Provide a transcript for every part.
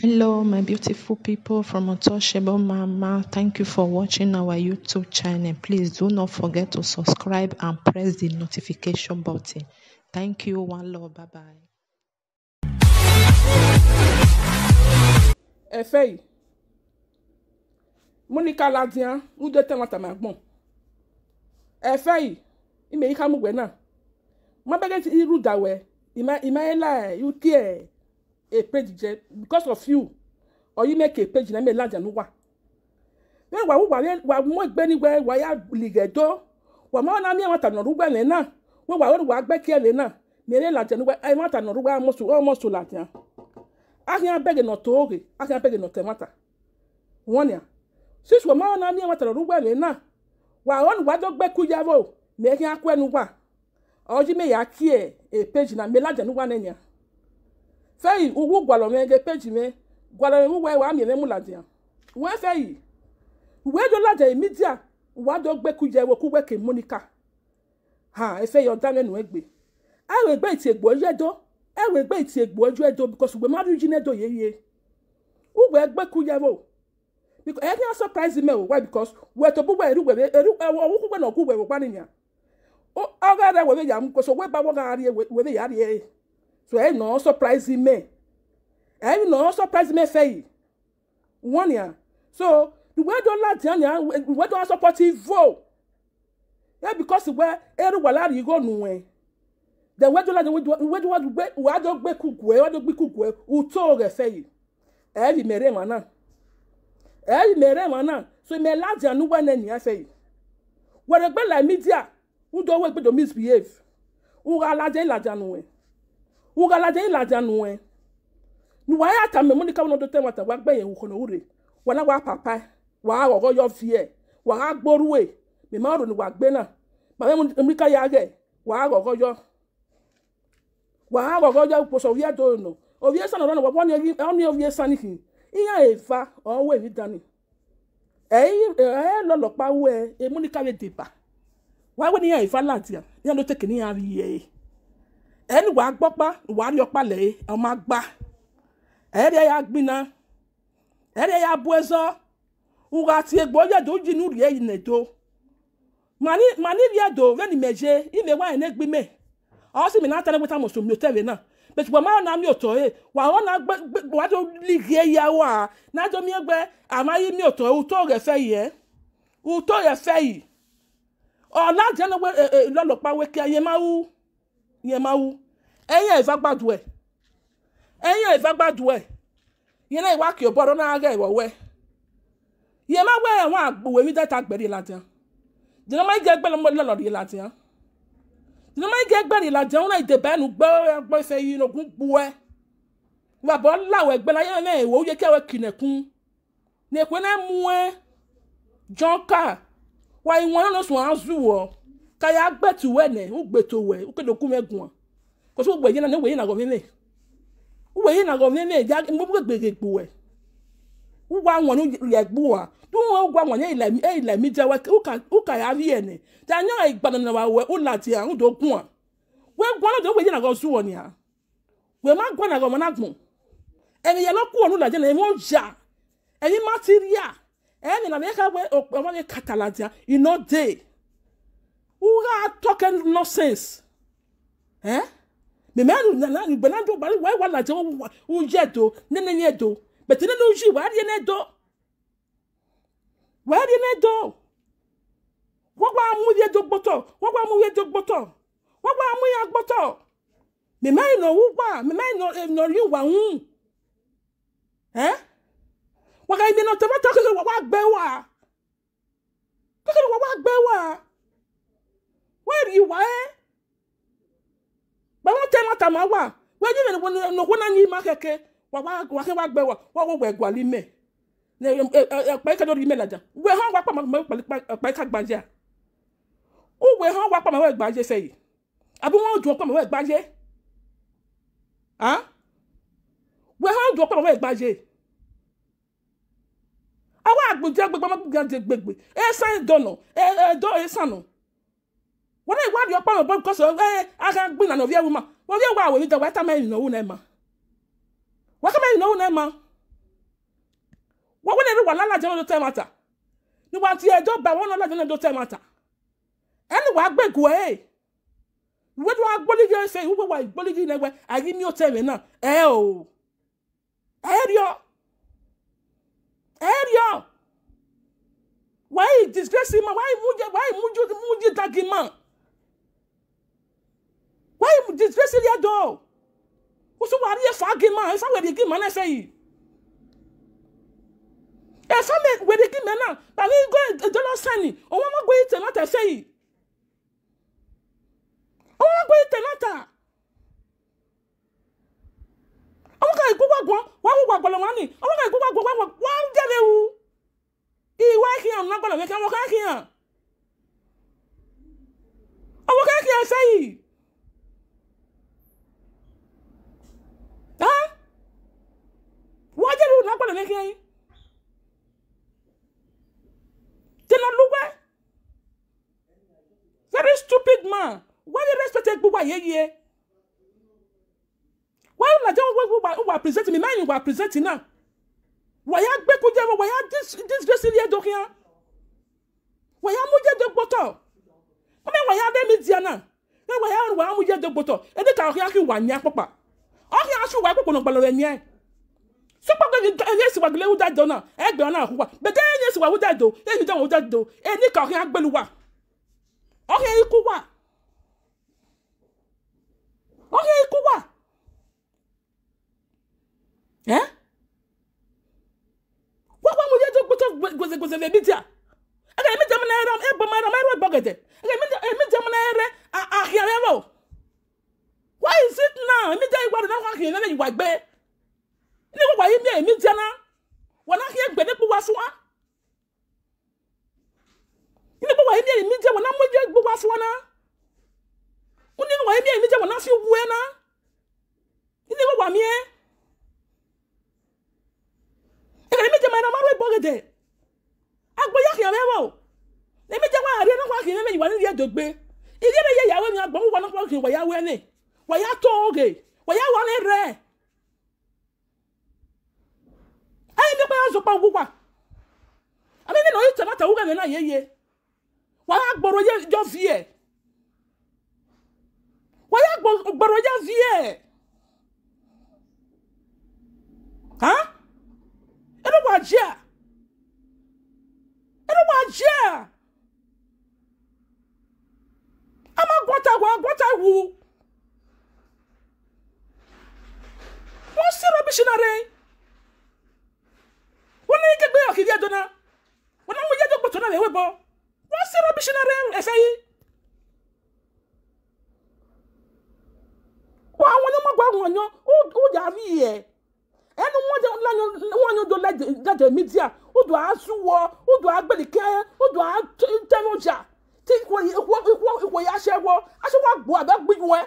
Hello, my beautiful people from Untouchable Mama. Thank you for watching our YouTube channel. Please do not forget to subscribe and press the notification button. Thank you. One love. Bye bye. Ẹ̀fẹ́ yìí, Monica Ladian, ń dé tẹ́wọ̀n tàmí àgbọ̀n. Ẹ̀fẹ́ yìí, ìmẹ̀ yìí ká mú gbẹ̀ náà. Mọ́ bẹ́gẹ́ ti irú dàwẹ̀, ìmẹ̀ ẹ̀ láì, yóò kí ẹ̀. a page jẹ because of you oyi make a page na me land anu wa we wa wo wa mo gbe ni wa ya ligedo wa ma na mi wa ta no na we wa wa gbe ke le na mere land anu wa ai ma ta no rugba mo so mo so land ya no to oge ahia ya wa ma na mi wa ta na wa on wa do ya e e, me oji me ya fei ugwu gwara omege peji me gwara emu wee wa miere mu ladia wee fei wee do ladia imidia e, wa do gbe ku ha efe yo dame nu ewe egbe e iti egbo yedo egbe iti edo because we madu ji nedo ye ye ugwe egbe ku yewo because e any surprise me why because we to ya so ɛyɛ na surprise me. ɛyɛ na surprise me fɛ yi wɔnia so ìwé dɔ ládìá ni ìwé dɔ asɔpɔtì vo ɛ because ìwé ɛrú wà láàrin ìgò nùwẹ̀ dɛ ìwé dɔ ládìá ìwé dɔ wà dɔ gbé kúkú ɛ wà dɔ gbé kúkú ɛ ùtó rɛ fɛ yi ɛyɛ mɛrɛ wọn náà ɛyɛ mɛrɛ wọn náà so mɛ ládìá ni wọ́n ɛnìyà fɛ yi wɛrɛ gbɛ la mídíà ń dɔwọ́ gbẹdọ̀ misbehave ń wà ládìá ìlàjà nùwẹ̀ wugalade ilada nuwe nuwa ya ta memu nika wono dote wata wa gbẹ̀yẹ̀ wukono ure wana wa papa wa ọgọ yọ fie wa agboruwe mema ọ̀rọ̀ ni wa gbẹ na ma memu nika ya gẹ wa ọgọ yọ eh, eh, wa ọgọ yọ kposo ovi edo no ovi esa na ọ̀rọ̀ na wa wani ọni ovi esa nihi iya efa ọwọ evi dani ẹyi ẹ lọlọpa wẹ emu nika we deba wa wẹ ni iya efa lati ya iya lo teke ni ya ri yẹ. ẹni wàá gbọ́pá wàá rí ọpalẹ̀ ọmọ agbá ẹ̀rẹ́ ya gbiná ẹ̀rẹ́ ya bu ẹzọ́ wùgà tí egbò yẹ̀dò jìnnú rìẹ́ yìí nẹ̀dọ́ màní rìẹ́ rẹ́ni mẹ̀jẹ̀ ìmẹ̀ wá ẹ̀ nẹ́gbí mẹ̀ ọ́ sì mí náà tẹ́lẹ̀ wíta mọ̀sùn mi ò tẹ̀wé náà bẹ̀tù bọ̀ máa náà mi ò tọ́ ẹ̀ wà ọ́ náà wàá tó lì rìẹ́ ya wà á náà tó mi ẹ gbẹ́ àmọ́ ayé mi ò tọ́ òótọ́ rẹ̀ fẹ́ yìí rẹ̀ fẹ́ yìí ìyẹn máa wú ẹ̀yìn ẹ̀ ìfagbádùn ẹ̀ ẹ̀yìn ẹ̀ ìfagbádùn ẹ̀ ìyẹn náà ìwà kìí bọ́ọ̀dọ́ náà rẹ̀ ìwọ̀ wẹ̀ ìyẹn máa wẹ̀ ẹ̀wọ̀n àgbòwé mi dẹ́ta gbẹ̀rẹ̀ làtìyàn jìnnà máa ń jẹ́ ẹgbẹ́ lọ́lọ́rì làtìyàn jìnnà máa ń jẹ́ ẹgbẹ́ làtìyàn wọn náà ìdè bẹ́ẹ̀ nu gbọ́ ẹgbẹ́ ìfẹ́ yìí lókun bu ẹ bàbá làwọ̀ ẹgbẹ́ láyé náà ìwọ yẹ kí ẹ kìnìkún ní èkó náà mú ẹ jọ́ńkà wà ìwọ̀n náà sùn á zù wọ̀ kaya gbetu wene u gbetu we u kedo kume gun ko so gbe yin na we yin na go nene u we yin na go nene ja mo gbe gbe gbe we u wa won u le gbu wa ye ile mi e ile mi je we u ka u ka ya na wa we u lati a un do kun a we gwa na do we yin na go su won ni a we ma gwa na go mo na gun eni ye lo ku onu la je na e mo ja eni material eni na me ka we o ma me katalati a ino who are talking nonsense eh mimɛnu nana gbɛna do bari wa wa lajɛ wo yɛ do ne ne yɛ do bɛtɛ ne n'ozi wa yɛ ne do wa yɛ ne do wɔgbɔ amu yɛ do gbɔtɔ wɔgbɔ amu yɛ do gbɔtɔ wɔgbɔ amu yɛ gbɔtɔ mimɛnu nɔ wu gba mimɛnu nɔ nɔri wa ŋu eh wakayi mi nɔ tɛmɛ tɔ kekele wa wa gbɛ wa kekele wa wa gbɛ wa where you why báwọn tẹ́ náà tàmá wà wẹ́n yìí wọ́n nọ̀kọ́ náà yìí má kẹ́kẹ́ wàá kẹ́ wá gbẹ wà wọ́n wọ́n gbẹ̀gbọ́ àlí mẹ́ ẹ̀pẹ́ kẹ́dọ̀ rí mẹ́lẹ̀ àjà wẹ́ hàn wá pàmò mọ́ ẹ̀pẹ́ ká gbàjẹ́ ó wẹ́ hàn wá pàmò ẹ̀gbàjẹ́ sẹ́yìn àbí wọ́n jù ọ́ pàmò ẹ̀gbàjẹ́ wẹ́ hàn jù ọ́ pàmò ẹ̀gbàjẹ́ àwọn àgbèjẹ́ gbẹgbẹ́ gbẹgbẹ́ ẹ̀ sáyẹn dọ̀nà ẹ̀ dọ̀ ẹ̀ sànà wọ́n náà ìwádìí ọpọ́ òyìnbó kọ́ sọ ẹ́ aka gbin na nọ̀víẹ́ wuma wọ́n yẹ wá àwòrán ìjọba ẹ̀ta mẹ́rin ìnáwó náà ma wọ́n ká mẹ́rin ìnáwó náà ma wọ́n wọ́n náà wà lálàjẹ́ náà ló tẹ́ mata ni wọ́n ti ẹjọ́ bá wọ́n lálàjẹ́ náà ló tẹ́ mata ẹni wàá gbẹ̀gù ẹ̀ ìwé tí wọ́n gbólíjì ẹ̀ ṣe ìwé wà gbólíjì lẹ́gbẹ́ àyè mi ò tẹ̀wé náà ẹ̀ o ẹ̀ rí ọ ẹ̀ rí ọ wàá yìí disgrace ma wàá yìí mújẹ wàá yìí mújẹ dagi ma am disgracing their door woso wɔ adeɛ fa agi ma ɛfa wɛde gi ma na ɛfɛ yi ɛfa mɛ wɛde gi ma na baabi gɔ dɔlɔ sani ɔmo ama gɔ yi tɛ nata ɛfɛ yi ɔmo ama gɔ yi tɛ nata ɔmo ka ikuku agbɔn w'awo gbɔlɔ wani ɔmo ka ikuku agbɔn w'awo w'awo gɛlɛ wu iye wa ekiyan ɔmo na gbɔlɔ wɛ kɛ ɔmo ka ekiyan ɔmo ka ekiyan ɛfɛ nagbale ne hiɛ yi tenaluwɛ very stupid man why you respect gbogbo ayé yie why you lajɛ wo wa present mi mɛyin wa present na wa ya gbɛ ko jɛ wa ya disgrace yɛ dɔ hiɛ wa ya mu jɛ dɔ gbɔtɔ ɔmɛ wa ya dɛ mi diɛ na ɛ wa ya wa mu gbɔtɔ ɛdi ka ɔhiɛ ki wa nyɛ kpɔkpa ɔhiɛ asu wa kpɔkpɔ nɔgbalɔ yɛ nyɛ sọpọtọ yesuwa gele wu dado na ẹgbẹ ọna ahuwa bẹtẹ yesuwa wu dado eyi dẹwọn wu dado eni ka ọhìn agbelu wa ọhìn ikú wa ọhìn ikú wa ẹ wọ́n wá mu yẹjọ gbẹtọ gbẹsẹgbẹsẹ lẹbi tíya ẹgbẹ mi jẹ mi na ẹrọ ẹ bọ mi ẹrọ mi ẹrọ ẹ bọ gẹdẹ ẹgbẹ mi jẹ mi na ẹrẹ ahìẹ ẹrọ why is it now mi jẹ ìwádìí náà wọ́n ahìẹ náà ìwà gbẹ ne wo waye mie mi diana wana hie gbe ne gbowa soa ne gbo waye mie mi dia wana mo je gbowa soa na wo ne waye mie mi dia wana si wu na ne wo wa mie e mi dia ma na maro bogede agbo ya hie mewo ne mi dia wa re na wa hie me ni wa ni ye dogbe ile re ye yawo mi agbo wo na kwa hie wa yawo ne wa ya to oge wa ya wa ne re ne kpa azɔ kpa wugwa ale ne na oye tɛ nata wuga ne na yeye wa ya gbɔrɔ ye jɔ vie wa ya gbɔrɔ ye vie han ɛdɛ wa jia ɛdɛ wa jia ama gbɔta wa gbɔta wu wọn si rɔbisi na yedo na wana mu yedo gboto na lewe bo wọ́n sí rọ́bìṣì náà rẹ̀ ẹ̀fẹ́ yìí. wọ́n àwọn ọmọ gba àwọn ọ̀yàn ó yà á rí yẹ ẹnu wọn jẹ wọn yàn jọ lẹjẹ mídíà ó dùn á súwọ ó dùn á gbẹlìkẹ ó dùn á tẹnujà tí ìwòye aṣẹwọ aṣẹwọ àgbò àbẹ gbìyànjú ẹ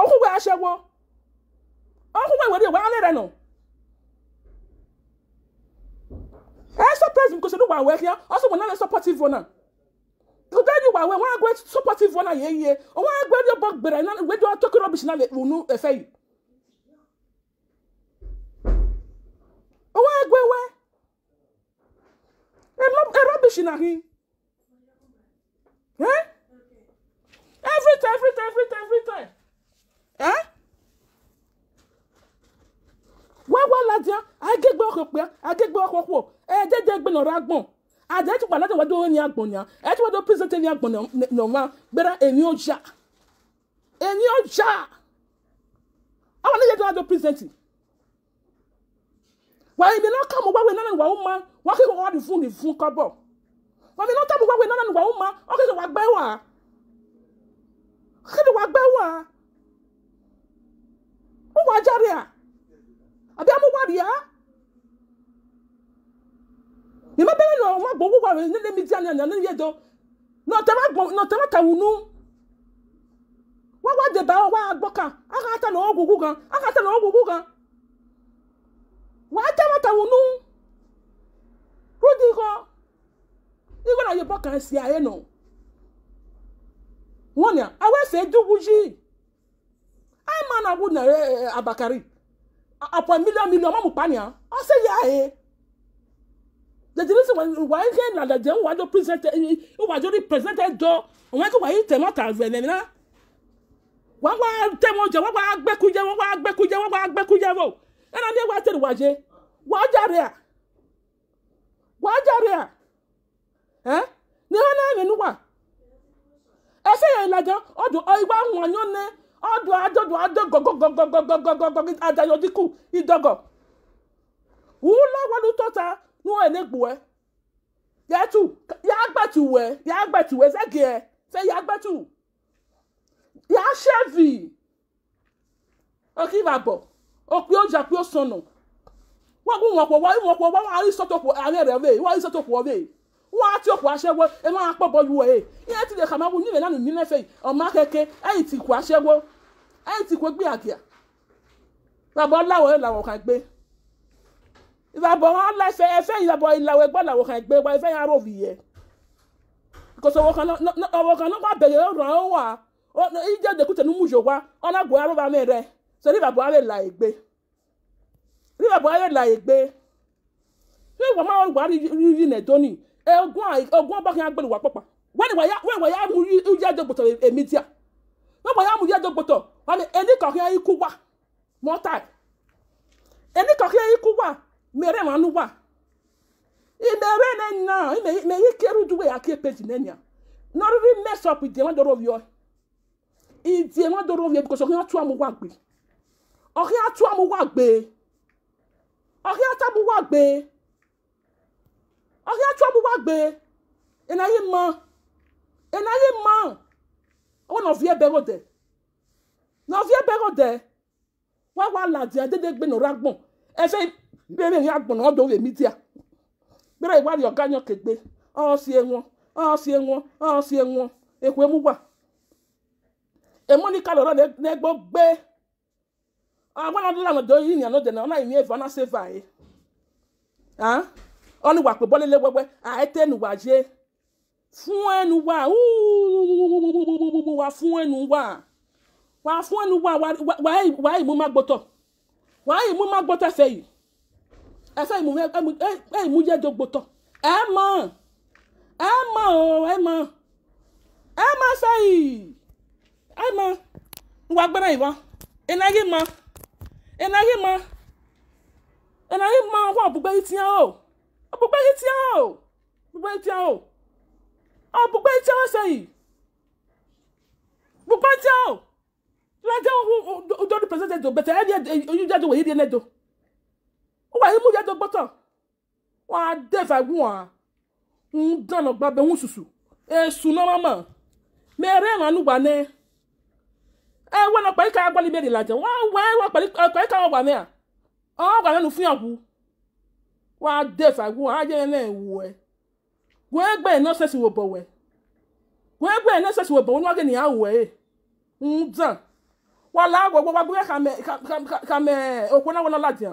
ọkùnrin aṣẹwọ ọkùnrin ìwé rẹ wà á lẹrẹ nù. sometimes we go say no we're wɛ hia ɔsɛ wɔn nan supportive wɔn na today ni wa wɛ wɔn agbɛ supportive wɔn na yɛ yie wɔn agbɛ ni bɔ gbɛrɛ na wɛdi wa tɔki rubbish a lɛ wunu ɛfɛ yi wɔn agbɛ wɛ ɛ rubbish na hin ɛ. Eh? kò pé agégbé ọkọ̀ pọ̀ ẹ jẹ́jẹ́ gbé lọ́rọ̀ agbọ̀n àdé tí wàá látọ̀wájú ó ní agbọ̀n yàn ẹ tí wọ́n tó pèsè tẹ́lẹ̀ agbọ̀n nàwọn gbéra èmi ó já èmi ó já àwọn oníyẹ tó wàá tó pèsè tì wàá ibi náà kà mọ́ wáwé náà wàá ó ma wàá kí wọ́n rí fún rí fún kọ́bọ̀ wàá ibi náà kà mọ́ wáwé náà wàá ó ma wàá kí wọ́n gbẹ́ wàá kí wọ́n gbẹ́ wàá ó wàá járe à àbí àmúwárìá ni ma bɛrɛ nɔ ma gbɔn kuka ne ne mi di ani ani ye dɔn nɔtɛ ma gbɔn nɔtɛ ma ta wunu wa wa de ba wa gbɔ kan a ka ta nɔ gugu kan a ka ta nɔ gugu kan wa ta ma ta wunu rudi kɔ i kɔni a ye bɔ kan si a ye nɔ wɔni a awɛ fɛ dugu zi a ma na ko na abakari apɔ miliyɔn miliyɔn ma mu pa ni a ɔsɛ y'a ye. the reason why ihe na the dem wado present wado represented do ko wa yi ta vele na wa wa temo je wa wa agbekuje wa wa wa wa wo wa wa je wa jare na nu wa e se ye o won yo ne n'ụwa na-ekpuwe ya tu ya agbatuwe ya agbatuwe zegie se ya agbatu ya shevi okivabo okpi oja kpi osono wọ́n kún wọn pọ̀ wọ́n wọn pọ̀ wọ́n wọn àrí sọ́tò pọ̀ àárẹ̀ rẹ̀ wẹ̀ wọ́n àrí sọ́tò pọ̀ wẹ̀ wọ́n àti ọkọ̀ aṣẹ́wó ẹ máa pọ̀ bọ́ yúwọ̀ ẹ̀ yẹn ti lè kà máa wù nílẹ̀ lánàá nílẹ̀ o ọmọ akẹ́kẹ́ ẹ̀yìn ti kọ̀ aṣẹ́wó ẹ̀yìn ti kọ̀ gbé àgẹ̀ làbọ̀ láwọ̀ ẹ̀ làwọn kan gbé ìbàbọ̀ wọn lọ ẹfẹ́ ẹfẹ́ ìbàbọ̀ ìlàwọ̀ ẹgbẹ́ làwọn kan gbé wa ẹfẹ́ yẹn arò fi yẹ kòsò ọwọ́ kan náà bẹ̀rẹ̀ ọ̀ràn ó wà ìjẹ́ ìdẹ́kùtẹ̀ ní mùjọ wa ọ̀làgùn arò bá mi rẹ sọ ní ìbàbọ̀ àwẹ̀ là ègbé ní ìbàbọ̀ àwẹ̀ là ègbé ní ìwà máa wà rí nẹ̀ tóní ogun ọba kan gbẹ̀rù wà pọ̀pà wọ́n ìwà yá mú ìjẹ́ ìdẹ́kùtẹ̀ èmi tíà wọ́n ìwà yá mú ìjẹ́ ìdẹ́kùtẹ̀ mere manuwa imere ne na ime ime yi keru duwe ya ke page ne nya not even mess up with the one doro vio i the one doro vio because okin atu amu wa gbe okin atu amu wa gbe okin atu amu wa gbe okin atu amu wa gbe ina yi mo ina yi mo o no vie bego de no vie bego de wa wa la di adede gbe no ragbon e fe mgbe bere ihe agbụ na ọdụ owe mitia bere ịgbari ọganya kegbe ọsie nwụọ ọsie nwụọ ọsie nwụọ ekwe mụgwa emonika lọrọ n'egbo gbe agbanadụla nọdụ oyi nya n'ode na ọ na-enye evu ọ na-asị eva anyị ọnụ wakpo bọlele gbegbe aete n'ụwa jee fún ẹnu wa wa fún ẹnu wa wa fún ẹnu wa wa ìmú má gbọ́tọ̀ wa ìmú má gbọ́tọ̀ fẹ́ yìí. ẹsẹ ìmúyẹdógbòtọ ẹ mọ ẹ mọ o ẹ mọ ẹ mọ sẹyì ẹ mọ wà gbẹrẹ ìwọ ìnáyí mọ ìnáyí mọ ìnáyí mọ wọn òbúgbẹ yìí tiẹ o òbúgbẹ yìí tiẹ o òbúgbẹ yìí tiẹ o òbúgbẹ yìí tiẹ o sẹyì òbúgbẹ yìí tiẹ o lọ́jọ́ òdodo pẹ̀sẹ̀ntẹ̀ tó bẹ̀tẹ̀ ẹ̀ ẹ̀ ojú jáde wòye díẹ̀ náà tó imúyẹ dọgbọtọ wọn á dẹfà gún wọn ń dáná gbàgbé ń sùsù èsù náà mọ mẹrẹ ràn lùgbà ní ẹ wọn náà pẹ̀lú káyà gbọlì bẹ̀rẹ̀ làjẹ wọn wẹ wọn pẹ̀lú káyà wọn wà ní à ọwọ́ wà nínú fún yàgò wọn á dẹfà gún wọn á yẹ ẹ náà wù ẹ wọn ẹgbẹ ẹ náà sẹsì wò bọwẹ wọn ẹgbẹ ẹ náà sẹsì wò bọwẹ wọn wọn làá gbọgbọ wọn gbé kàmẹ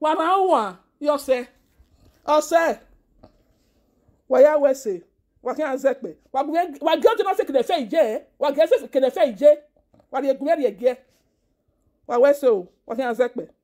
wanaua yose ose waya wese wakia zekpe wagia jona se kenefe ije wagia se kenefe ije wariegumeriege wawese o wakia zekpe